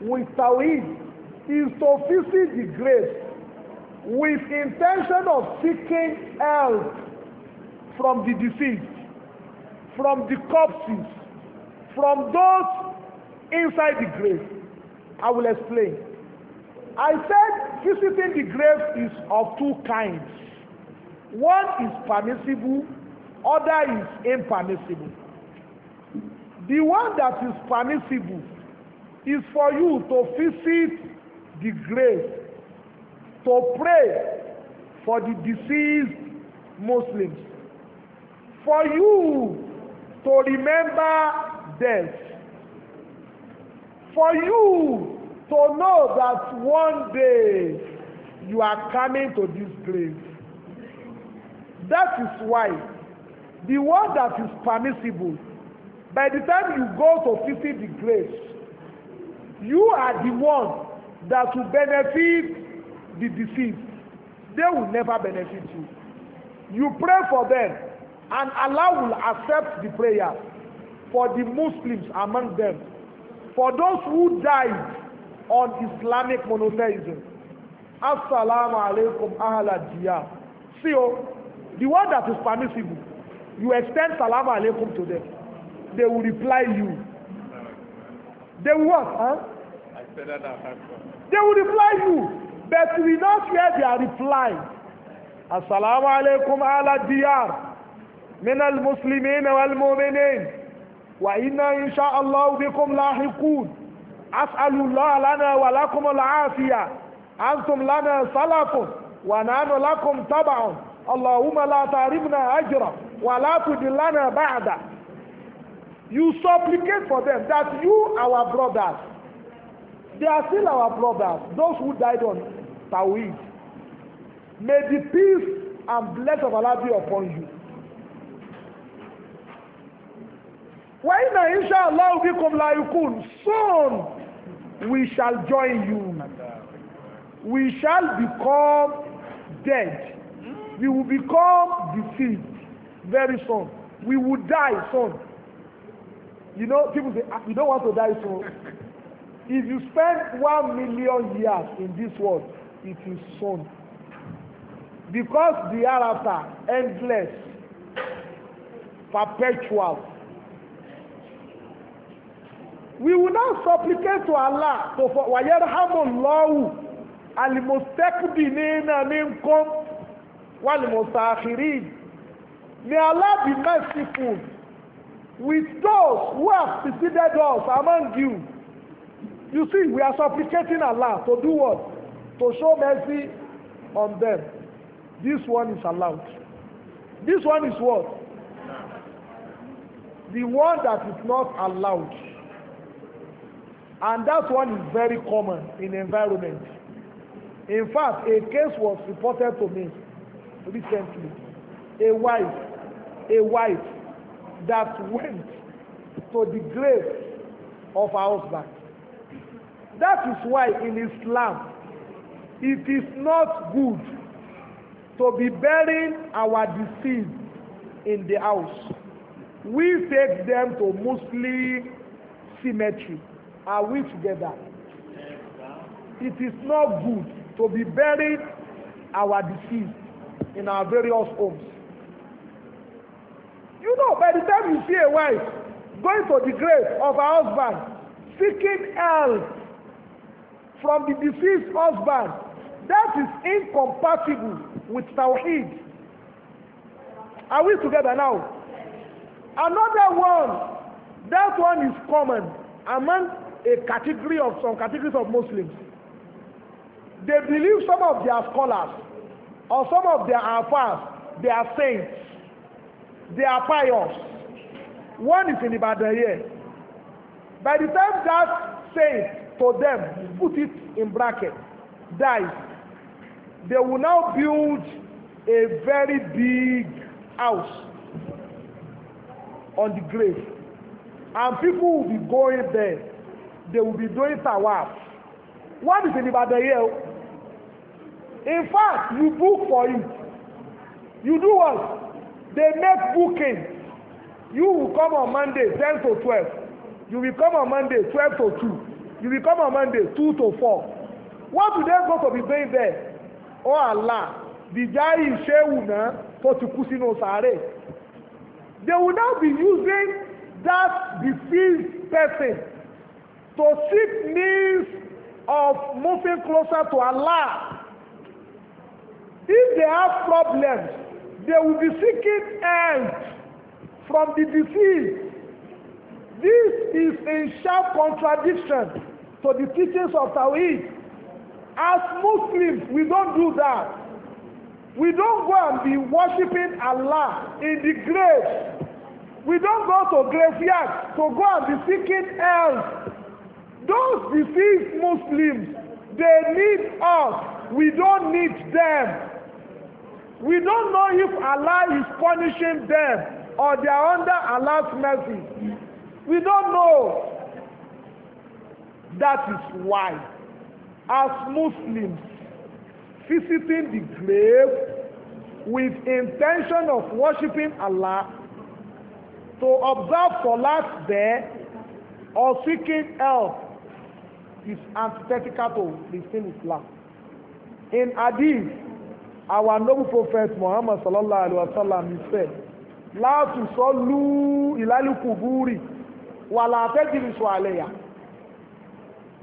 with tawhid is to visit the grave with intention of seeking help from the deceased from the corpses from those inside the grave i will explain i said visiting the grave is of two kinds. One is permissible, other is impermissible. The one that is permissible is for you to visit the grave, to pray for the deceased Muslims, for you to remember death, for you to know that one day you are coming to this place, That is why the one that is permissible, by the time you go to visit the grave, you are the one that will benefit the deceased. They will never benefit you. You pray for them, and Allah will accept the prayer for the Muslims among them. For those who died on Islamic monotheism. Assalamu alaikum ahaladiyah. See, oh, the one that is permissible, you extend salamu alaikum to them. They will reply you. They will what? Huh? I said that They will reply you. But we not hear their reply. Assalamu alaikum ala diyar. من المسلمين والمؤمنين وإنا إن شاء الله بكم لاحقون as'alu Allah lana wa lakum al-afiya antum lana salafun wa nanu lakum tab'un Allahumma la taribna ajra wa la tudillana ba'da you supplicate for them that you our brothers they are still our brothers those who died on Tawhid may the peace and blessing of Allah be upon you وإن إن شاء الله بكم لا يكون soon we shall join you. We shall become dead. We will become deceased very soon. We will die soon. You know, people say, ah, you don't want to die soon. If you spend one million years in this world, it is soon. Because the hereafter, endless, perpetual, we will now supplicate to Allah to for wayarhamullahu alimustakbinina minkum walimusakhirin may Allah be merciful with those who have preceded us among you you see we are supplicating Allah to do what to show mercy on them this one is allowed this one is what the one that is not allowed And that one is very common in environment. In fact, a case was reported to me recently. A wife, a wife that went to the grave of her husband. That is why in Islam, it is not good to be burying our deceased in the house. We take them to Muslim cemetery are we together? It is not good to be buried our deceased in our various homes. You know, by the time you see a wife going to the grave of her husband, seeking help from the deceased husband, that is incompatible with Tawheed. Are we together now? Another one, that one is common among a category of some categories of Muslims. They believe some of their scholars or some of their alfas, they are saints, they are pious. One is in Ibadan here. By the time that saint to them, put it in bracket, dies, they will now build a very big house on the grave. And people will be going there they will be doing tawaf what is in Ibadan here in fact you book for it you do what they make booking you will come on Monday ten to twelve you will come on Monday twelve to two you will come on Monday two to four what do they go to be doing there oh Allah the ṣéwù náà tó ti kú sínú sare. they will now be using that deceased person to seek means of moving closer to Allah. If they have problems, they will be seeking help from the disease. This is in sharp contradiction to the teachings of Tawhid. As Muslims, we don't do that. We don't go and be worshiping Allah in the grave. We don't go to graveyards to go and be seeking help Those deceased Muslims, they need us. We don't need them. We don't know if Allah is punishing them or they are under Allah's mercy. We don't know. That is why, as Muslims, visiting the grave with intention of worshiping Allah, to observe Salat there, or seeking help is antithetical to Christian Islam. In Hadith, our noble prophet Muhammad sallallahu alaihi wasallam he said, "La tusallu ilal kuburi wa la tajlisu alayha."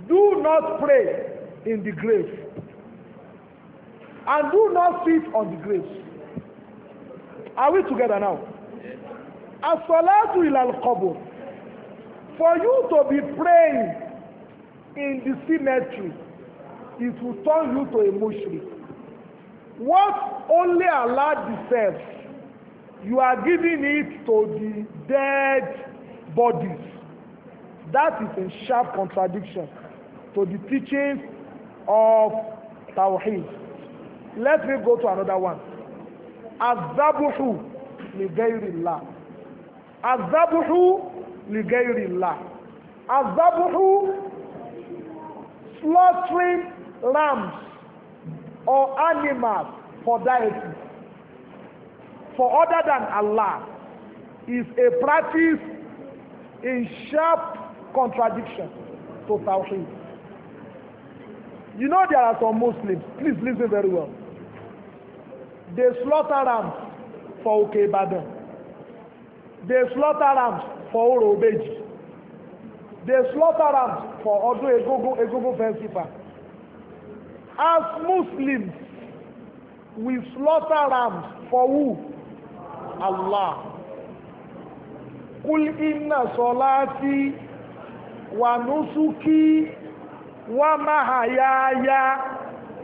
Do not pray in the grave, and do not sit on the grave. Are we together now? As-salatu al qabr. For you to be praying in the cemetery it will turn you to a mushrik. What only Allah deserves, you are giving it to the dead bodies. That is a sharp contradiction to the teachings of Tawheed. Let me go to another one. Azabuhu ligayrillah. Azabuhu ligayrillah. Azabuhu slaughtering rams or animals for deity for other than Allah is a practice in sharp contradiction to Tawheed. You know there are some Muslims, please listen very well. They slaughter rams for Oke Ibadan. They slaughter rams for Oro they slaughter rams for ọdún egungun egungun festival as muslims we slaughter rams for who allah kul inna solati wa nusuki wa mahayaya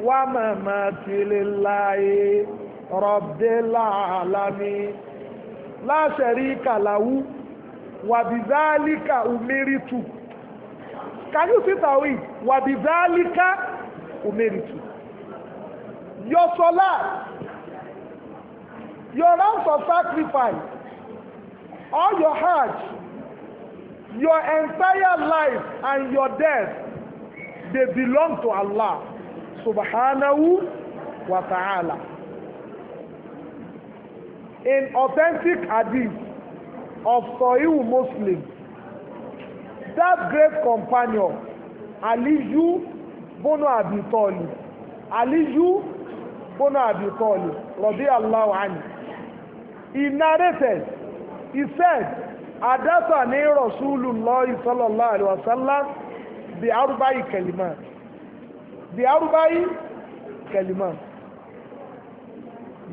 wa mamati lillahi rabbil alamin la sharika lahu wa bidhalika umirtu can you see that we tawhid wàbíbálíkà umeritu your salah your rounds of sacrifice all your hajj your entire life and your death they belong to Allah subhanahu wa ta'ala in authentic hadith of Sahih Muslim that great companion aliyu bono abitoli aliyu bono abitoli rabi allah ani he narrated he said adasani rasulullah sallallahu alaihi wasallam bi arubayi kelimat bi arubayi kelimat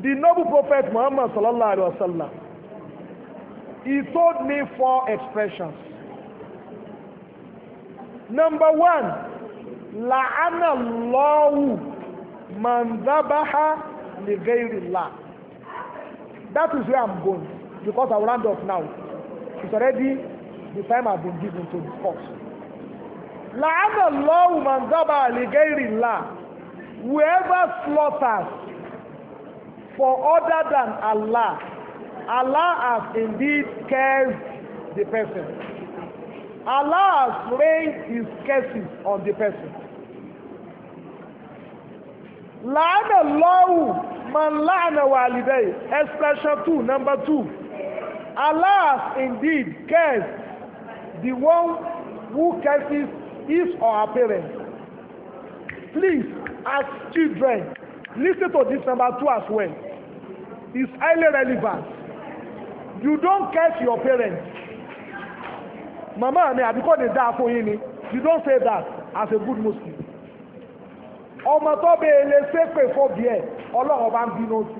the noble prophet muhammad sallallahu alaihi wasallam he told me four expressions number one làánà lọ́wù mọ̀ndábáhá lè gẹ́rì là that is where I'm going because I will round up now it's already the time I've been given to discuss làánà lọ́wù mọ̀ndábáhá lè gẹ́rì là whoever slaughters for other than Allah Allah has indeed cursed the person. Allah's rain his curses on the person. La'ana Allahu man la'ana walidayh. Expression 2, number two. Allah indeed cursed the one who curses his or her parents. Please, as children, listen to this number two as well. It's highly relevant. You don't curse your parents Mama, mi àbí kò ní dáa fún yín ni you don't say that as a good muslim ọmọ tó bẹ́ẹ̀ lè ṣépè fọ́bi ẹ̀ ọlọ́run bá ń bínú sí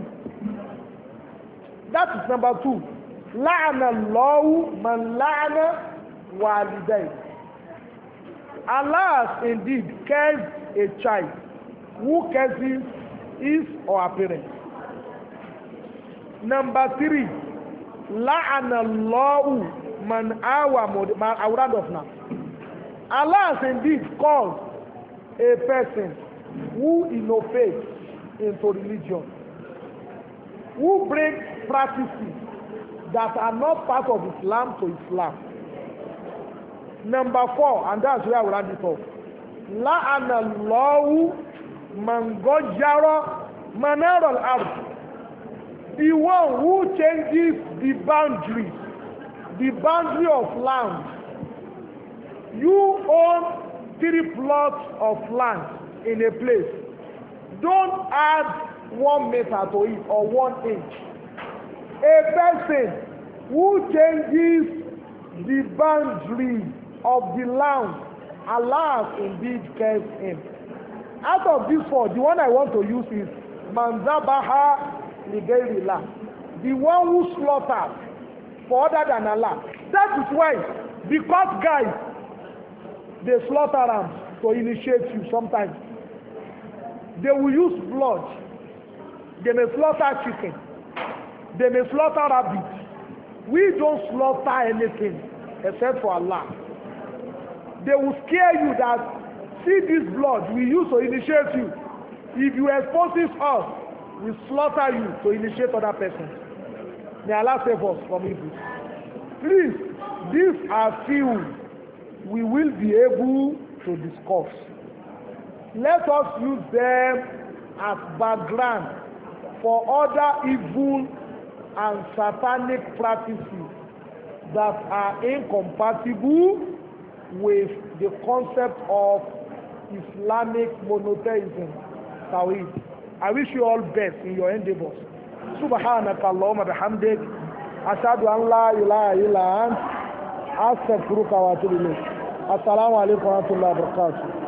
that is number two láàánà lọ́wọ́ mà láàánà wàlídẹ́ Allah indeed cares a child who cares his or her parents number three láàánà lọ́wù man awa awuradofna Allah has indeed called a person who innovates into religion who brings practices that are not part of Islam to Islam number four and that's where I will round it off láàánà lọ́wù mangojaro manarol ardu the one who changes the boundary the boundary of land you own three plots of land in a place don't add one meter to it or one inch a person who changes the boundary of the land Allah indeed cares him out of this four the one I want to use is manzabaha Ligeirila, the one who slaughters for other than Allah. That is why, because guys, they slaughter them to initiate you sometimes. They will use blood. They may slaughter chicken. They may slaughter rabbit. We don't slaughter anything except for Allah. They will scare you that see this blood we use to initiate you. If you expose us, we slaughter you to initiate other persons. May Allah save us from evil. Please, these are few we will be able to discuss. Let us use them as background for other evil and satanic practices that are incompatible with the concept of Islamic monotheism, Tawhid. I wish you all best in your endeavors. Subhanaka Allahumma bihamdik. Ashadu an la ilaha illa ant. Astaghfiruka wa atubu Assalamu alaikum wa rahmatullahi wa barakatuh.